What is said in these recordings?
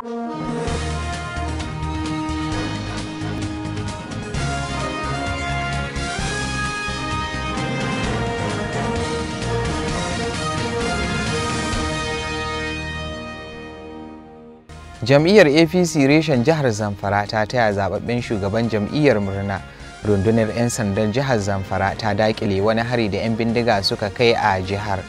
jam'iyyar apc reshen jihar zamfara ta taya zababben shugaban jam'iyyar murna rundunar 'yan sandan jihar zamfara ta dakile wani hari da 'yan bindiga suka kai a jihar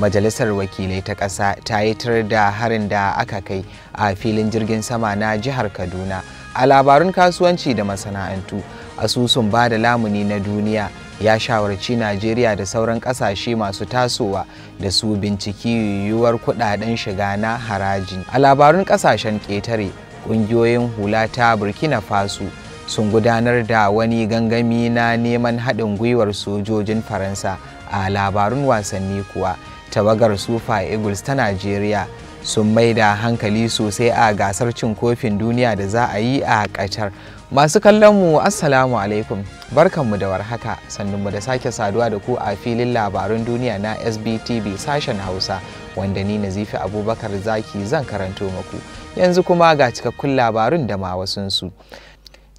majalisar wakilai ta ƙasa ta yi tar da harin da aka kai a filin jirgin sama na jihar kaduna a labarun kasuwanci da masana'antu asusun ba da lamuni na duniya ya shawarci najeriya da sauran kasashe masu tasowa da su binciki yiwuwar kudaden shiga na haraji a labarun kasashen ƙetare ƙungiyoyin hula ta burkina faso sun gudanar da wani gangami na neman haɗin gwiwar sojojin faransa a labarun wasanni kuwa tawagar sufa eagles ta nigeria sun mai da hankali sosai a gasar cin kofin duniya da za a yi a kacar masu kallon mu assalamu alaikum barkanmu da warhaka sannunmu da sake saduwa da ku a filin labarun duniya na sbtv sashen hausa wanda ni nazifi abubakar zaki zan karanto maku yanzu kuma ga cikakkun labarun da ma wasunsu.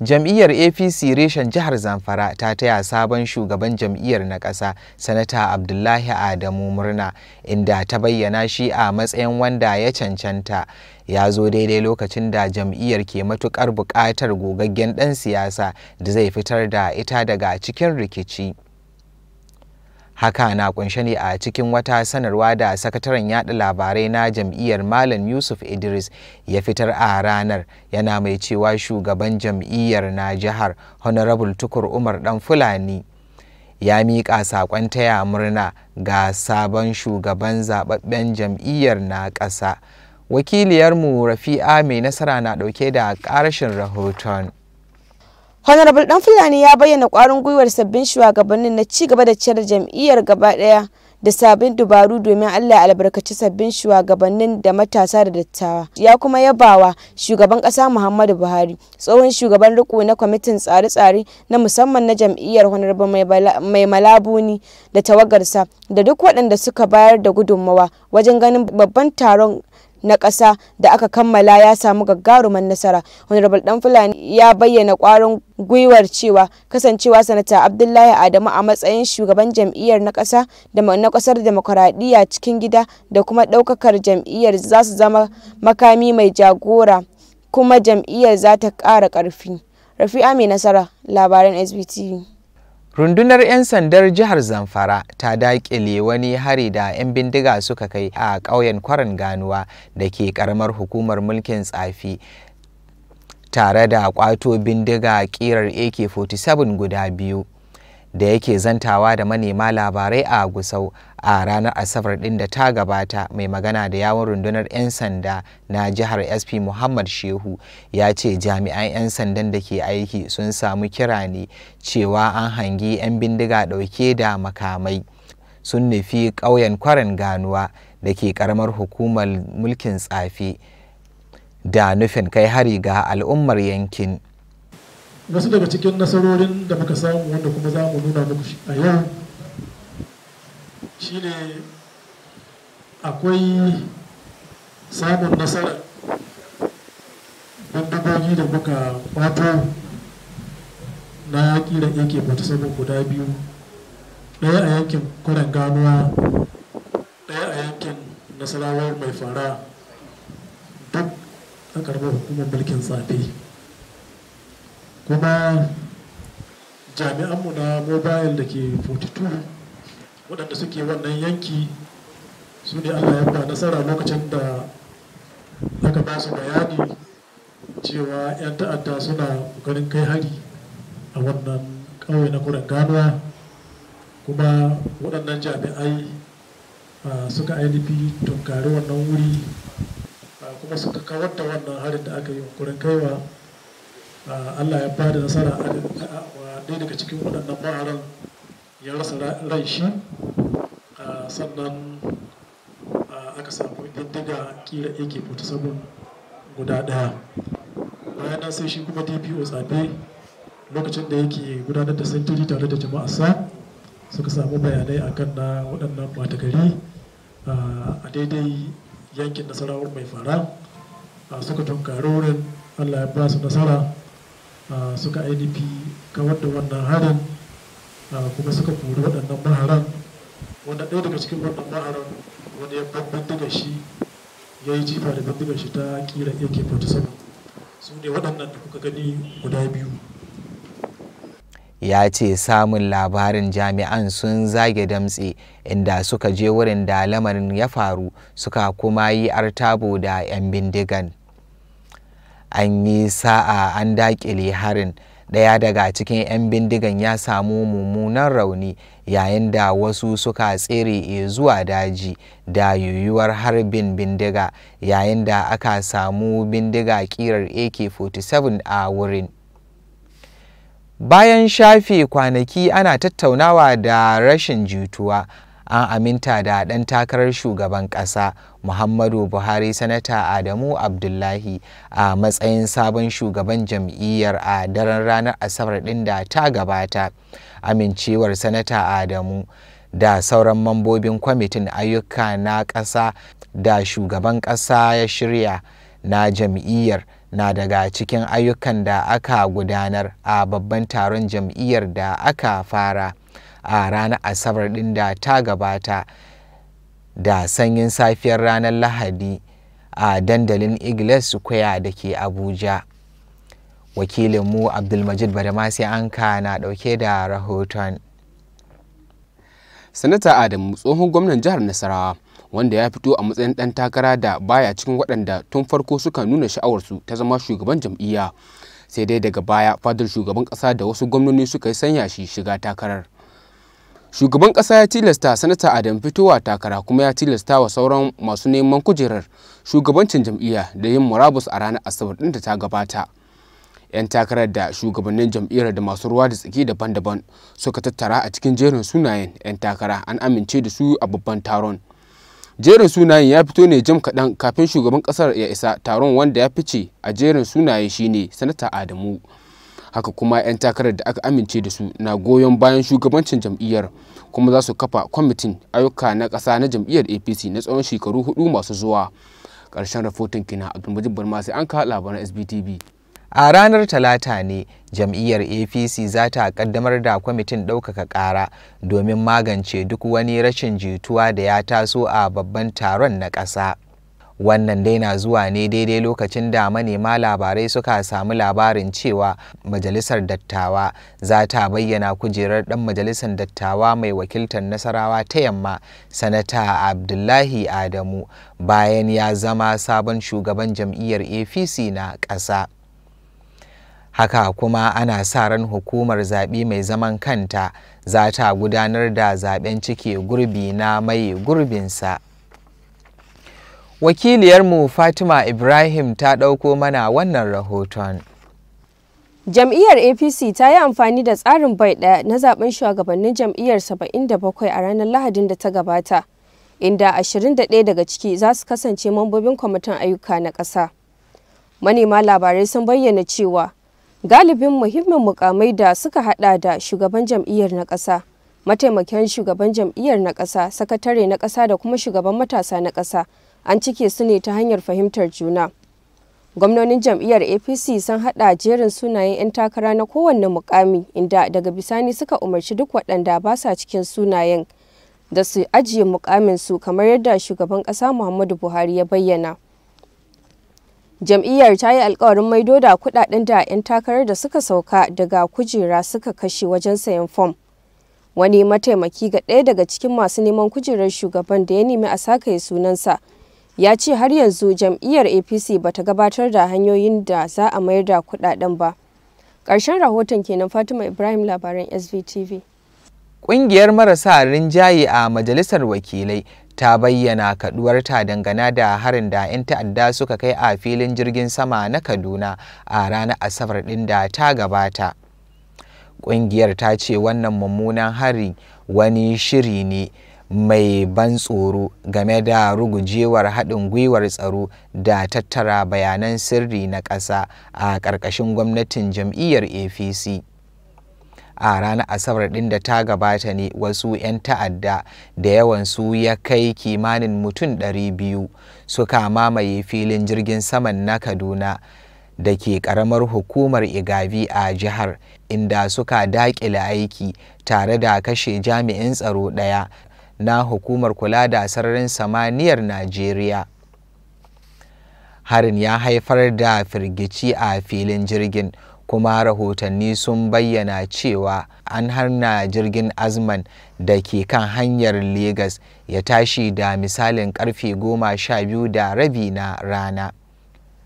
jam'iyyar apc reshen jihar zamfara ta taya sabon shugaban jam'iyyar na ƙasa sanata abdullahi adamu murna inda ta bayyana shi a matsayin wanda ya cancanta ya zo daidai lokacin da jam'iyyar ke matuƙar buƙatar gogaggen ɗan siyasa da zai fitar da ita daga cikin rikici haka na kunshe ne a cikin wata sanarwa da sakataren yada labarai na jam'iyyar malam yusuf idris ya fitar a ranar yana mai cewa shugaban jam'iyyar na jihar honorable tukur umar dan fulani ya miƙa saƙon taya murna ga sabon shugaban zaɓaɓɓen jam'iyyar na ƙasa wakiliyarmu rafi'a mai nasara na ɗauke da ƙarashin rahoton Honorable Dan Fulani ya bayyana ƙwarin gwiwar sabbin shugabannin na ci gaba da ciyar jam'iyyar gaba daya da sabbin dubaru domin Allah albarkaci sabbin shugabannin da matasa da dattawa. Ya kuma yabawa shugaban ƙasa Muhammadu Buhari, tsohon shugaban riko na kwamitin tsare-tsare na musamman na jam'iyyar Honorable Mai Malabuni da tawagarsa da duk waɗanda suka bayar da gudummawa wajen ganin babban taron na ƙasa da aka kammala ya samu gagaruman nasara honorable dan fulani ya bayyana ƙwarin gwiwar cewa kasancewa sanata abdullahi adamu a matsayin shugaban jam'iyyar na ƙasa da na ƙasar demokuraɗiyya cikin gida da kuma ɗaukakar jam'iyyar za su zama makami mai jagora kuma jam'iyyar za ta ƙara ƙarfi rafi'a mai nasara labaran sbtv Rundunar 'yan sandar jihar Zamfara ta daƙile wani hari da 'yan bindiga suka kai a ƙauyen kwarin ganuwa da ke ƙaramar hukumar mulkin tsafi tare da ƙwato bindiga ƙirar AK-47 guda biyu. da yake zantawa da manema labarai a gusau a ranar asabar din da ta gabata mai magana da yawon rundunar 'yan sanda na jihar sp muhammad shehu ya ce jami'an 'yan sandan da ke aiki sun samu kira ne cewa an hangi 'yan bindiga dauke da makamai sun nufi ƙauyen kwarin ganuwa da ke karamar hukumar mulkin tsafi da nufin kai hari ga al'ummar yankin wasu daga cikin nasarorin da muka samu wanda kuma za mu nuna muku a yau shine akwai samun nasarar bindigogi da muka kwato na da yake bata sabon guda biyu ɗaya a yankin kwanan ganuwa ɗaya a yankin nasarawar mai fara duk a ƙarfin hukumar mulkin tsafi kuma jami'anmu na mobile da ke 42 waɗanda suke wannan yanki su ne allah ya ba nasara lokacin da aka ba su bayani cewa 'yan ta'adda suna ƙoƙarin kai hari a wannan ƙauye na kuren ganuwa kuma waɗannan jami'ai suka ainihi tunkari wannan wuri kuma suka kawar da wannan harin da aka yi kuren kaiwa Ah, allah ya ba da nasara a ɗaya daga cikin waɗannan ma'aran ya rasa rai shi ah, sannan ah, aka samu diddiga ke fito sabon guda ɗaya bayan nan sai shi kuma dpo tsabe lokacin da yake gudanar da sentiri tare da jama'arsa suka samu bayanai a kan na waɗannan gari a daidai yankin nasarawar mai fara suka tunkari wurin allah ya ba su nasara suka ainihi kawar da wannan harin kuma suka kori waɗannan maharan wanda ɗaya daga cikin wannan maharan wani ya bindiga shi ya yi jifa da bindigar shi ta kira fata sama su ne waɗannan da kuka gani guda biyu ya ce samun labarin jami'an sun zage damtse inda suka je wurin da lamarin ya faru suka kuma yi artabo da 'yan bindigan an yi sa'a an dakile harin ɗaya daga cikin 'yan bindigan ya samu mummunan rauni yayin da wasu suka tsere e zuwa daji da yiwuwar harbin bindiga yayin da aka samu bindiga kirar ak-47 a wurin bayan shafe kwanaki ana tattaunawa da rashin jituwa an aminta da ɗan takarar shugaban ƙasa muhammadu buhari sanata adamu abdullahi a matsayin sabon shugaban jam'iyyar a daren ranar asabar ɗin da ta gabata amincewar sanata adamu da sauran mambobin kwamitin ayyuka na ƙasa da shugaban ƙasa ya shirya na jam'iyyar na daga cikin ayyukan da aka gudanar a babban taron jam'iyyar da aka fara. a ranar asabar ɗin da ta gabata da sanyin safiyar ranar lahadi a dandalin igles square da ke abuja wakilinmu abdulmajid badamasi anka na ɗauke da rahoton sanata adamu tsohon gwamnan jihar nasarawa wanda ya fito a matsayin ɗan takara da baya cikin waɗanda tun farko suka nuna sha'awarsu ta zama shugaban jam'iyya sai dai daga baya fadar shugaban ƙasa da wasu gwamnoni suka yi sanya shi shiga takarar shugaban kasa ya tilasta sanata adam fitowa takara kuma ya tilasta wa sauran masu neman kujerar shugabancin jam'iyya da yin murabus a ranar asabar ɗin da ta gabata 'yan takarar da shugabannin jam'iyyar da masu ruwa da tsaki daban-daban suka tattara a cikin jerin sunayen 'yan takara an amince da su a babban taron jerin sunayen ya fito ne jam kaɗan kafin shugaban ƙasar ya isa taron wanda ya fice a jerin sunaye shine sanata adamu haka kuma 'yan takarar da aka amince da su na goyon bayan shugabancin jam'iyyar kuma za su kafa kwamitin ayyuka na ƙasa na jam'iyyar apc na tsawon shekaru hudu masu zuwa ƙarshen rahoton kina abdulmajid barma sai an kawo labaran sbtv a ranar talata ne jam'iyyar apc za ta kaddamar da kwamitin ɗaukaka ƙara domin magance duk wani rashin jituwa da ya taso a babban taron na ƙasa wannan dai na zuwa ne daidai lokacin da manema labarai suka samu labarin cewa majalisar dattawa za ta bayyana kujerar dan majalisar dattawa mai wakiltar nasarawa ta yamma sanata abdullahi adamu bayan ya zama sabon shugaban jam'iyyar apc na ƙasa haka kuma ana sa ran hukumar zaɓe mai zaman kanta za ta gudanar da zaɓen cike gurbi na mai gurbinsa. Wakiliyarmu Fatima Ibrahim ta ɗauko mana wannan rahoton. Jam'iyyar APC ta yi amfani da tsarin bai ɗaya na zaben shugabannin jam'iyyar 77 a ranar Lahadin da ta gabata, inda 21 daga ciki za su kasance mambobin kwamitin ayyuka na ƙasa. Manema labarai sun bayyana cewa galibin muhimmin mukamai da suka haɗa da shugaban jam'iyyar na ƙasa, mataimakin shugaban jam'iyyar na ƙasa, sakatare na ƙasa da kuma shugaban matasa na ƙasa an cike su ne ta hanyar fahimtar juna gwamnonin jam'iyyar apc sun hada jerin sunayen 'yan takara na kowanne mukami inda daga bisani suka umarci duk waɗanda ba sa cikin sunayen da su ajiye mukamin su kamar yadda shugaban ƙasa muhammadu buhari ya bayyana jam'iyyar ta yi alkawarin maido da kudaden da 'yan takarar da suka sauka daga kujera suka kashe wajen sayan fom wani mataimaki ga ɗaya daga cikin masu neman kujerar shugaban da ya nemi a sakaye sunansa ya ce har yanzu jam'iyyar apc ba ta gabatar da hanyoyin da za a mayar da kudaden ba ƙarshen rahoton kenan fatima ibrahim labaran svtv ƙungiyar marasa rinjaye a majalisar wakilai ta bayyana ta dangana da harin da 'yan ta'adda suka kai a filin jirgin sama na kaduna a ranar asabar ɗin da ta gabata ƙungiyar ta ce wannan mummunan hari wani shiri ne mai ban tsoro game da rugujewar haɗin gwiwar tsaro da tattara bayanan sirri na ƙasa a ƙarƙashin gwamnatin jam'iyyar apc a ranar asabar ɗin da ta gabata ne wasu 'yan ta'adda da yawansu ya kai kimanin mutum 200 suka mamaye filin jirgin saman na kaduna da ke ƙaramar hukumar igavi a jihar inda suka daƙile aiki tare da kashe jami'in tsaro ɗaya na hukumar kula da sararin samaniyar najeriya harin ya haifar da firgici a filin jirgin kuma rahotanni sun bayyana cewa an harna jirgin azman da ke kan hanyar Legas ya tashi da misalin karfe goma sha biyu da rabi na rana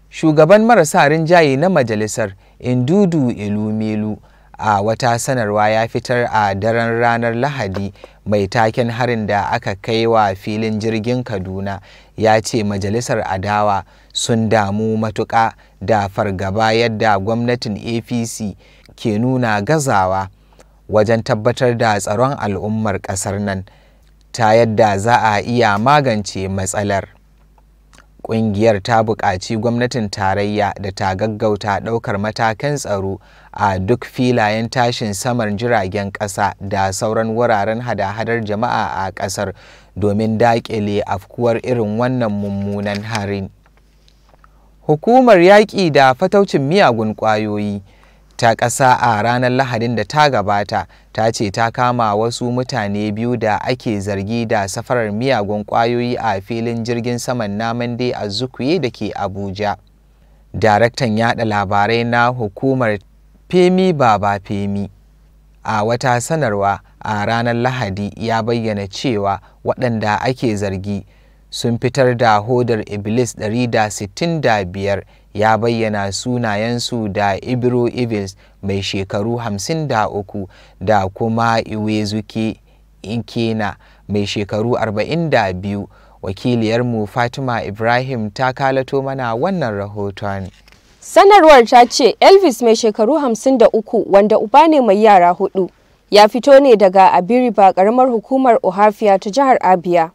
shugaban marasa rinjaye na majalisar indudu ilumelu a wata sanarwa ya fitar a daren ranar lahadi mai taken harin da aka kai wa filin jirgin kaduna ya ce majalisar adawa sun damu matuƙa da fargaba yadda gwamnatin apc ke nuna gazawa wajen tabbatar da tsaron al'ummar ƙasar nan ta yadda za a iya magance matsalar Ƙungiyar ta buƙaci gwamnatin tarayya da ta gaggauta ɗaukar matakan tsaro a duk filayen tashin saman jiragen ƙasa da sauran wuraren hada-hadar jama'a a ƙasar domin daƙile afkuwar irin wannan mummunan harin. Hukumar yaƙi da fataucin miyagun ƙwayoyi. ta ƙasa a ranar lahadin da ta gabata ta ce ta kama wasu mutane biyu da ake zargi da safarar miyagun ƙwayoyi a filin jirgin saman naman dai a zukuye da ke abuja daraktan yada labarai na hukumar femi baba femi a wata sanarwa a ranar lahadi ya bayyana cewa waɗanda ake zargi sun fitar da hodar iblis 165 ya bayyana sunayensu da ibro evils mai shekaru 53 da kuma iwezuke inkena mai shekaru 42 wakiliyarmu fatima ibrahim ta kalato mana wannan rahoton sanarwar ta ce elvis mai shekaru 53 wanda uba ne mai yara hudu ya fito ne daga abiriba karamar hukumar ohafia ta jihar abia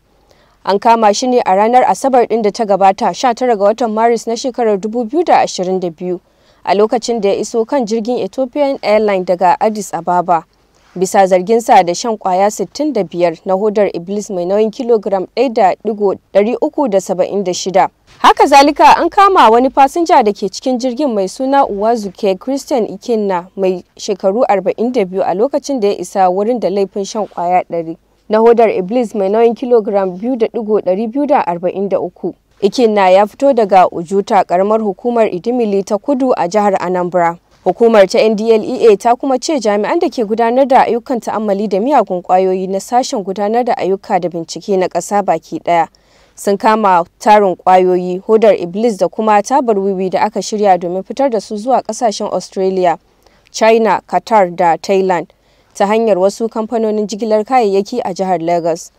An kama shi ne a ranar Asabar ɗin da ta gabata 19 ga watan Maris na shekarar 2022 a lokacin da ya iso kan jirgin Ethiopian Airlines daga Addis Ababa. Bisa zargin sa da shan kwaya 65 na hodar Iblis mai nauyin kilogram 1,376. Haka zalika an kama wani fasinja da ke cikin jirgin mai suna Uwazuke Christian Ikenna mai shekaru 42 a lokacin da ya isa wurin da laifin shan kwaya 100. na hodar Iblis mai nauyin kilogram 2.243. Ikinna ya fito daga Ujuta karamar hukumar Idimili ta kudu a jihar Anambra. Hukumar ta NDLEA ta kuma ce jami'an da ke gudanar da ayyukan ta'ammali da miyagun kwayoyi na sashen gudanar da ayyuka da bincike na ƙasa baki ɗaya. sun kama tarin kwayoyi hodar iblis da kuma tabar wiwi da aka shirya domin fitar da su zuwa kasashen australia china qatar da thailand ta hanyar wasu kamfanonin jigilar kayayyaki a jihar Lagos.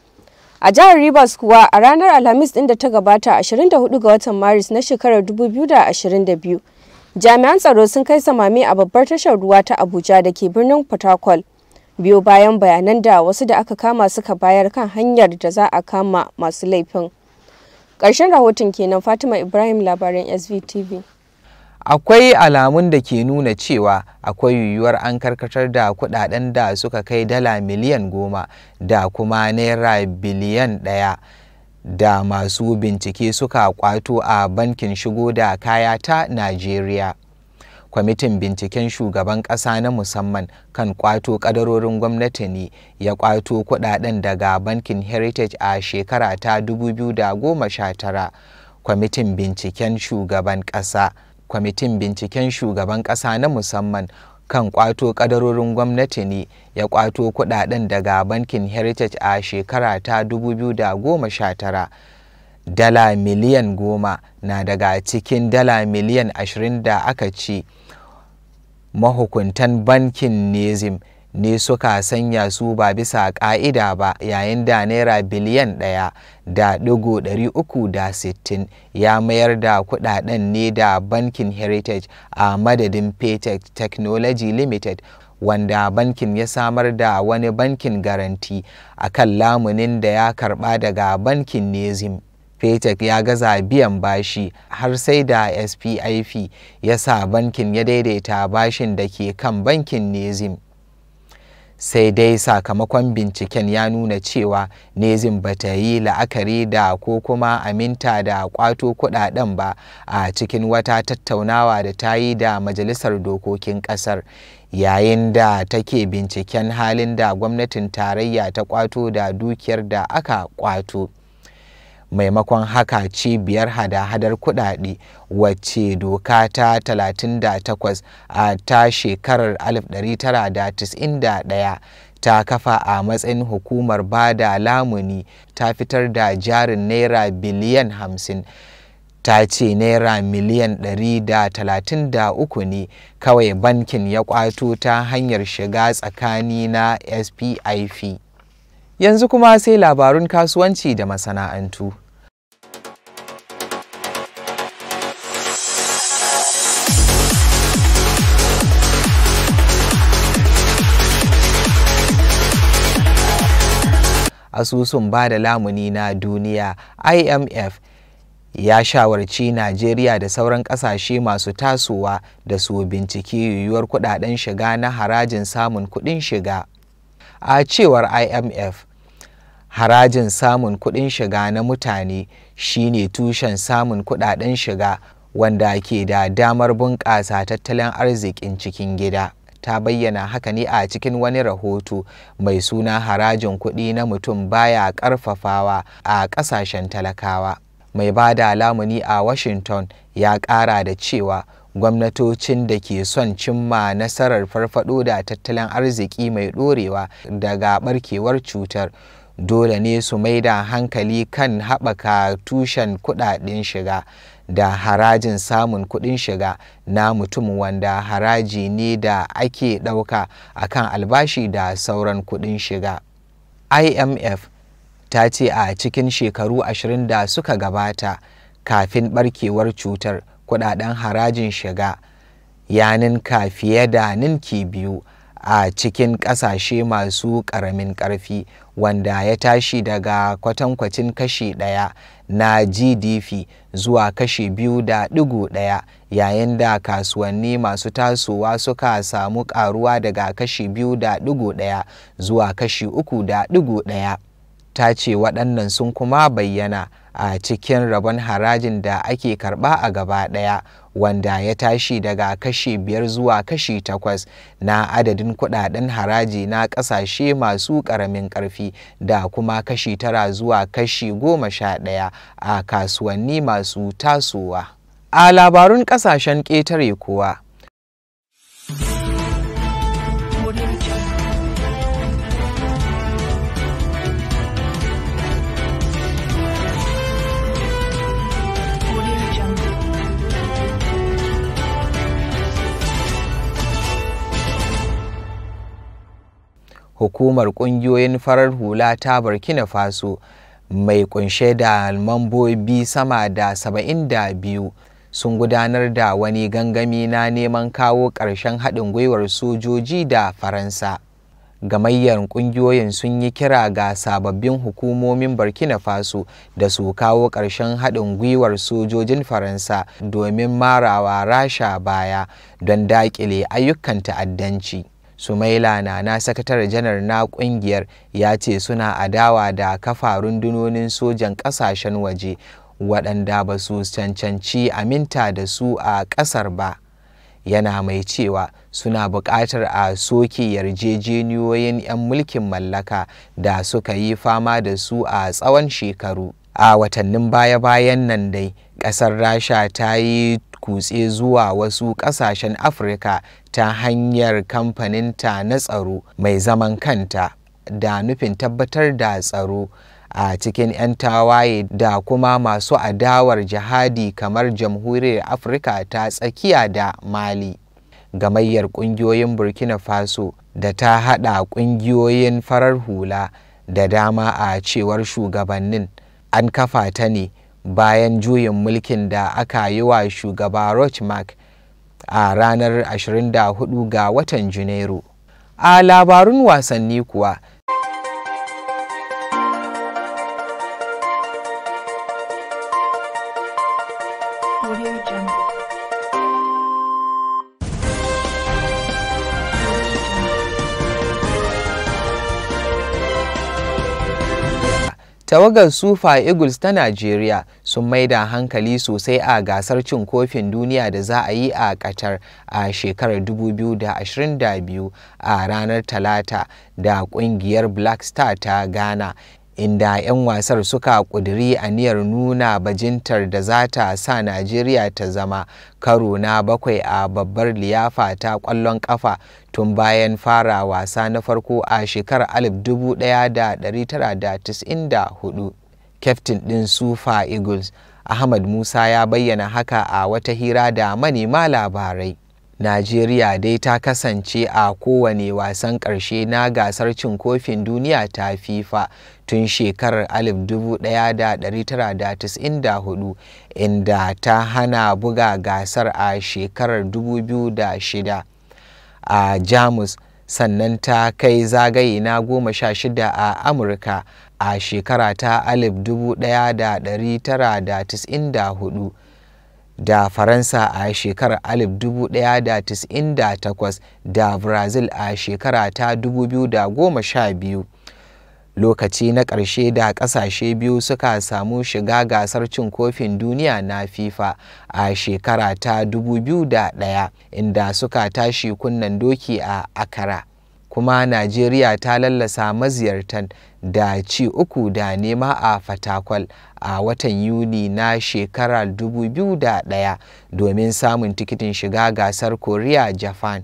A jihar Rivers kuwa a ranar Alhamis din da ta gabata 24 ga watan Maris na shekarar 2022. Jami'an tsaro sun kai samami a babbar tashar ruwa ta Abuja da ke birnin Port Harcourt. Biyo bayan bayanan da wasu da aka kama suka bayar kan hanyar da za a kama masu laifin. Ƙarshen rahoton kenan Fatima Ibrahim labaran SVTV. akwai alamun da ke nuna cewa akwai yiwuwar an karkatar da kudaden da suka kai dala miliyan goma da kuma naira biliyan ɗaya da masu bincike suka kwato a bankin shigo da kaya ta nigeria kwamitin binciken shugaban ƙasa na musamman kan kwato kadarorin gwamnati ne ya kwato kudaden daga bankin heritage a shekara ta 2019 kwamitin binciken shugaban ƙasa kwamitin binciken shugaban ƙasa na musamman kan kwato kadarorin gwamnati ne ya kwato kudaden daga bankin heritage a shekara ta 2019 dala miliyan goma na daga cikin dala miliyan ashirin da aka ci mahukuntan bankin nezim ne suka sanya su ba bisa ƙa'ida ba yayin da naira biliyan ɗaya da ɗigo ɗari uku da sittin ya mayar da kuɗaɗen ne da bankin heritage a madadin paytech technology limited wanda bankin ya samar da wani bankin garanti a kan lamunin da ya karɓa daga bankin nezim paytech ya gaza biyan bashi har sai da spif ya sa bankin ya daidaita bashin da ke kan bankin nezim sai dai sakamakon binciken ya nuna cewa nezin ba ta yi la'akari da ko kuma aminta da kwato kudaden ba a cikin wata tattaunawa da ta yi da majalisar dokokin kasar yayin da take binciken halin da gwamnatin tarayya ta kwato da dukiyar da aka kwato. maimakon haka cibiyar hada-hadar kudade wacce doka ta 38 a ta shekarar 1991 ta kafa a matsayin hukumar bada lamuni ta fitar da jarin naira biliyan 50 ta ce naira miliyan 133 ne kawai bankin ya kwato ta hanyar shiga tsakani na spif yanzu kuma sai labarun kasuwanci da masana'antu asusun ba da lamuni na duniya imf ya shawarci najeriya da sauran kasashe masu tasowa da su binciki yiwuwar kudaden shiga na harajin samun kudin shiga a cewar imf harajin samun kudin shiga na mutane shine tushen samun kudaden shiga wanda ke da damar bunƙasa tattalin arzikin cikin gida. ta bayyana haka ne a cikin wani rahoto mai suna harajin kuɗi na mutum baya ƙarfafawa a ƙasashen talakawa mai ba da lamuni a washington ya ƙara da cewa gwamnatocin da ke son cimma nasarar farfado da tattalin arziki mai ɗorewa daga ɓarkewar cutar dole ne su mai da hankali kan haɓaka tushen kuɗaɗen shiga da harajin samun kuɗin shiga na mutum wanda haraji ne da ake ɗauka akan albashi da sauran kuɗin shiga imf ta ce a cikin shekaru ashirin da suka gabata kafin barkewar cutar kuɗaɗen harajin shiga ya ninka fiye da ninki biyu a cikin ƙasashe masu ƙaramin ƙarfi wanda ya tashi daga kwatankwacin kashi ɗaya na gdp zuwa kashi biyu da ɗigo ɗaya yayin da kasuwanni masu tasowa suka samu ƙaruwa daga kashi biyu da ɗigo ɗaya zuwa kashi uku da ɗigo ɗaya ta ce waɗannan sun kuma bayyana a cikin rabon harajin da ake karba a gaba ɗaya wanda ya tashi daga kashi biyar zuwa kashi takwas na adadin kudaden haraji na kasashe masu karamin karfi da kuma kashi tara zuwa kashi goma sha ɗaya a kasuwanni masu tasowa a labarun kasashen ƙetare kuwa hukumar ƙungiyoyin farar hula ta burkina faso mai kunshe da mambobi sama da 72 sun gudanar da wani gangami na neman kawo ƙarshen haɗin gwiwar sojoji da faransa gamayyar ƙungiyoyin sun yi kira ga sababbin hukumomin burkina faso da su kawo ƙarshen haɗin gwiwar sojojin faransa domin marawa rasha baya don daƙile ayyukan ta'addanci sumaila nana sakatare janar na kungiyar ya ce suna adawa da kafa rundunonin sojan kasashen waje waɗanda ba su cancanci aminta da su a ƙasar ba yana mai cewa suna buƙatar a soke yarjejeniyoyin 'yan mulkin mallaka da suka yi fama da su a tsawon shekaru a watannin baya-bayan nan dai ƙasar rasha ta yi kutse zuwa wasu ƙasashen afirka ta hanyar kamfaninta na tsaro mai zaman kanta da nufin tabbatar da tsaro a cikin 'yan tawaye da kuma masu adawar jihadi kamar jamhuriyar afirka ta tsakiya da mali gamayyar ƙungiyoyin burkina faso da ta haɗa ƙungiyoyin farar hula da dama a cewar shugabannin an kafa ta ne bayan juyin mulkin da aka yi wa shugaba rochmark a ranar 24 ga watan janairu a labarun wasanni kuwa tawagar sufa eagles ta najeriya sun maida hankali sosai a gasar cin kofin duniya da za a yi a qatar a shekarar 2022 a ranar talata da kungiyar black star ta ghana inda 'yan wasar suka ƙudiri aniyar nuna bajintar da za ta sa najeriya ta zama karo na bakwai a babbar liyafa ta ƙwallon ƙafa tun bayan fara wasa na farko a shekarar 1994 kyaftin ɗin sufa eagles ahmad musa ya bayyana haka a wata hira da manema labarai Najeriya dai ta kasance a kowane wasan ƙarshe na gasar cin kofin duniya ta FIFA tun shekarar 1994 inda ta hana buga gasar a shekarar 2006 a Jamus sannan ta kai zagaye na 16 a Amurka a shekara ta 1994. da faransa a shekarar 1998 da brazil a shekara ta 2012 lokaci na ƙarshe da ƙasashe biyu suka samu shiga gasar cin kofin duniya na fifa a shekara ta 2001 inda suka tashi kunnen doki a akara kuma najeriya ta lallasa maziyartan da ci uku da nema a fatakwal a watan yuni na shekarar 2001 domin samun tikitin shiga gasar korea japan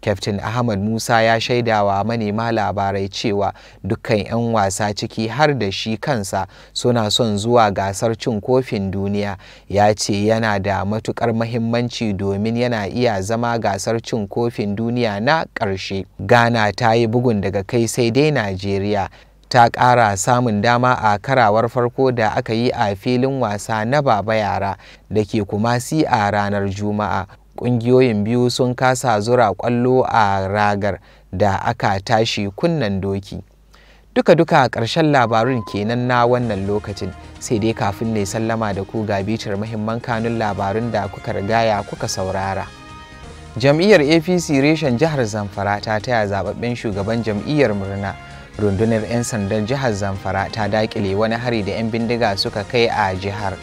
Captain Ahmad Musa ya shaidawa manema labarai cewa dukkan 'yan wasa ciki har da shi kansa suna son zuwa gasar cin kofin duniya ya ce yana da matukar mahimmanci domin yana iya zama gasar cin kofin duniya na ƙarshe. Ghana ta yi bugun daga kai sai dai Najeriya. ta ƙara samun dama a karawar farko da aka yi a filin wasa na baba yara da ke kumasi a ranar juma'a ƙungiyoyin biyu sun kasa zura kwallo a ragar da aka tashi kunnen doki duka-duka a ƙarshen labarun kenan na wannan lokacin sai dai kafin ne sallama da ku ga bitar mahimman kanun labarun da kuka rigaya kuka saurara jam'iyyar apc reshen jihar zamfara ta taya zababben shugaban jam'iyyar murna rundunar 'yan sandan jihar zamfara ta dakile wani hari da 'yan bindiga suka kai a jihar.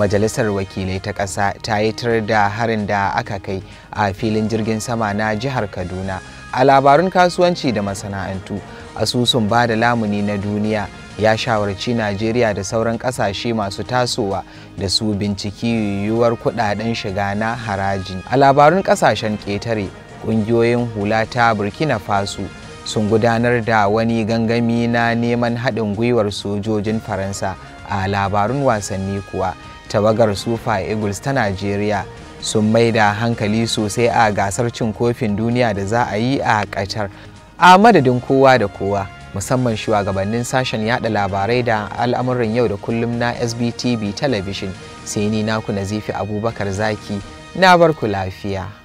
majalisar wakilai ta ƙasa ta yi tar da harin da aka kai a filin jirgin sama na jihar kaduna a labarun kasuwanci da masana'antu asusun ba da lamuni na duniya ya shawarci najeriya da sauran kasashe masu tasowa da su binciki yiwuwar kudaden shiga na haraji a labarun ƙasashen ƙetare ƙungiyoyin hula ta burkina faso sun gudanar da wani gangami na neman haɗin gwiwar sojojin faransa a labarun wasanni kuwa tawagar super eagles ta najeriya sun mai da hankali sosai a gasar cin kofin duniya da za a yi a ƙatar a madadin kowa da kowa musamman shugabannin sashen yada labarai da al'amuran yau da kullum na sbtv television sai ni naku nazifi abubakar zaki na barku lafiya